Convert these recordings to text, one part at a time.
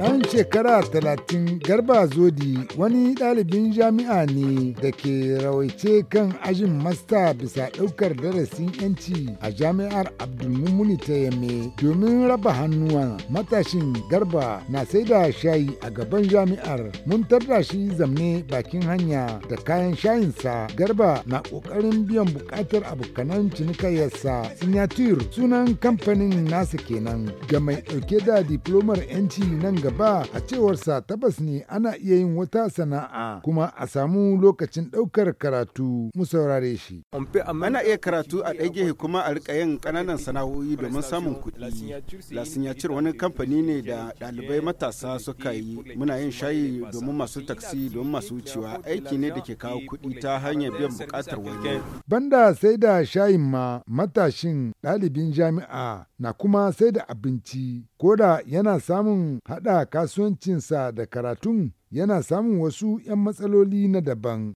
Ɗan shekara talatin Garba Zodi wani ɗalibin jami'a ne da ke rawaice kan ajin masta bisa ɗaukar darasin 'yanci a jami'ar Abdulmumuni ta Yame domin raba hannuwa matashin Garba na sai da shayi a gaban jami'ar mun tarda shi zamne bakin hanya da kayan shayinsa Garba na ƙoƙarin biyan buƙatar abokanan cinikayyarsa Signature sunan kamfanin nasa kenan ga mai ɗauke da diplomar 'yanci nan gaba. gaba a cewarsa tabbas ne ana iya yin wata sana'a kuma a samu lokacin ɗaukar karatu mu saurare shi. Ana iya karatu a ɗage kuma a rika yin ƙananan sana'o'i domin samun kuɗi. Lasinyacir wani kamfani ne da ɗalibai matasa suka yi muna yin shayi domin masu taksi domin masu wucewa aiki ne da ke kawo kuɗi ta hanyar biyan buƙatar wani. Banda sai da shayin ma matashin ɗalibin jami'a na kuma sai da abinci koda yana samun hada kasuwancinsa da karatun yana samun wasu 'yan matsaloli na daban.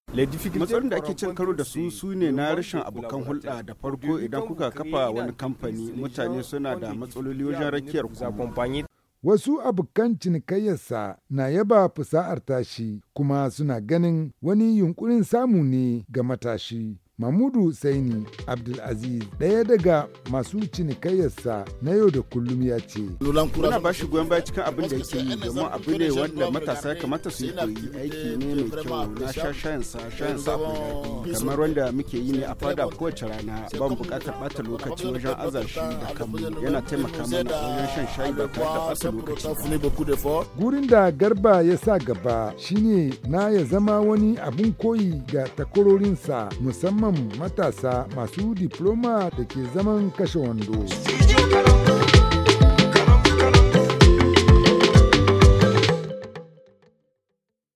Matsalolin da ake cin karo da su su ne na rashin abokan hulɗa da farko idan kuka kafa wani kamfani mutane suna da matsaloli wajen rakiyar ku. Wasu abokan cinikayyarsa na yaba fusa'ar tashi kuma suna ganin wani yunkurin samu ne ga matashi. Mamudu Saini Abdulaziz ɗaya daga masu cinikayyarsa na yau da kullum ya ce. Muna ba shi goyon baya cikin abin da yake yi domin abu ne wanda matasa ya kamata su yi koyi aiki ne mai kyau na sha shayan sa shayan sa daɗi kamar wanda muke yi ne a fada kowace rana ban buƙatar ɓata lokaci wajen azashi da kanmu yana taimaka mana wajen shan shayi ba tare da ɓata lokaci. Gurin da Garba ya sa gaba shine na ya zama wani abin koyi ga takwarorinsa musamman musamman matasa masu diploma da ke zaman kashe wando.